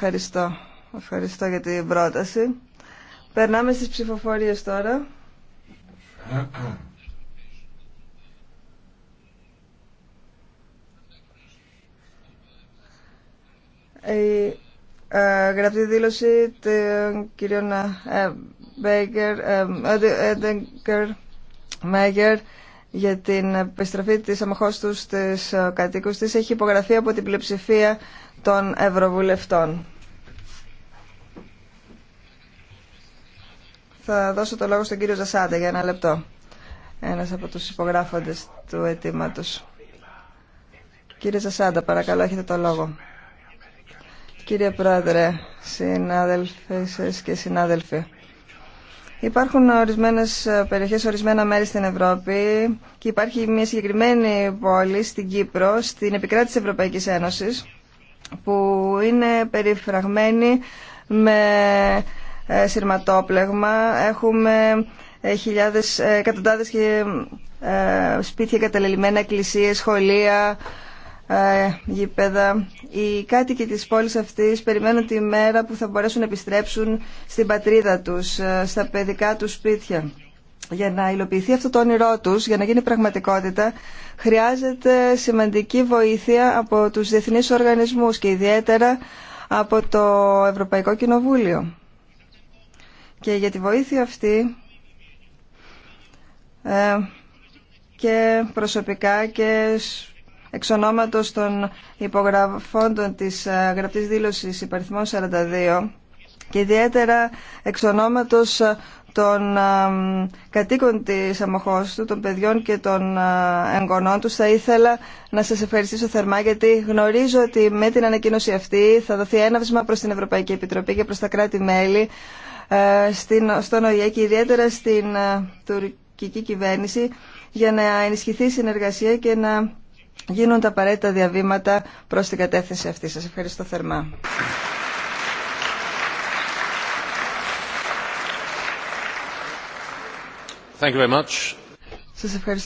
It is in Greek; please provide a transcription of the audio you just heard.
Ευχαριστώ. Ευχαριστώ για την πρόταση. Περνάμε στις ψηφοφορίες τώρα. Η ε, γραπτή δήλωση των κυρίων Μέγερ, για την επιστροφή της τους στις ε, κατοίκους της έχει υπογραφεί από την πλειοψηφία των Ευρωβουλευτών. Θα δώσω το λόγο στον κύριο Ζασάντα για ένα λεπτό. Ένας από τους υπογράφοντες του αιτήματο. Κύριε Ζασάντα, παρακαλώ, έχετε το λόγο. Κύριε Πρόεδρε, συνάδελφοι και συνάδελφοι. Υπάρχουν ορισμένες ε, περιοχές, ορισμένα μέρη στην Ευρώπη και υπάρχει μια συγκεκριμένη πόλη στην Κύπρο, στην επικράτηση της Ευρωπαϊκής Ένωσης, που είναι περιφραγμένη με ε, σειρματόπλεγμα. Έχουμε ε, χιλιάδες, εκατοντάδες και σπίτια καταλελειμμένα, εκκλησίες, σχολεία, ε, γήπεδα. Οι κάτοικοι της πόλης αυτής περιμένουν τη μέρα που θα μπορέσουν να επιστρέψουν στην πατρίδα τους, ε, στα παιδικά τους σπίτια. Για να υλοποιηθεί αυτό το όνειρό τους, για να γίνει πραγματικότητα, χρειάζεται σημαντική βοήθεια από τους διεθνείς οργανισμούς και ιδιαίτερα από το Ευρωπαϊκό Κοινοβούλιο. Και για τη βοήθεια αυτή ε, και προσωπικά και Εξ ονόματος των υπογραφών της ε, γραπτής δήλωσης υπαριθμών 42 και ιδιαίτερα εξ ονόματος ε, των ε, κατοίκων της αμοχώς του, των παιδιών και των εγγονών τους θα ήθελα να σας ευχαριστήσω θερμά γιατί γνωρίζω ότι με την ανακοίνωση αυτή θα δοθεί έναυσμα προς την Ευρωπαϊκή Επιτροπή και προς τα κράτη-μέλη στον ΟΗΕ και ιδιαίτερα στην τουρκική κυβέρνηση για να ενισχυθεί η συνεργασία και να γίνουν τα απαραίτητα διαβήματα προς την κατεύθυνση αυτή. Σας ευχαριστώ θερμά.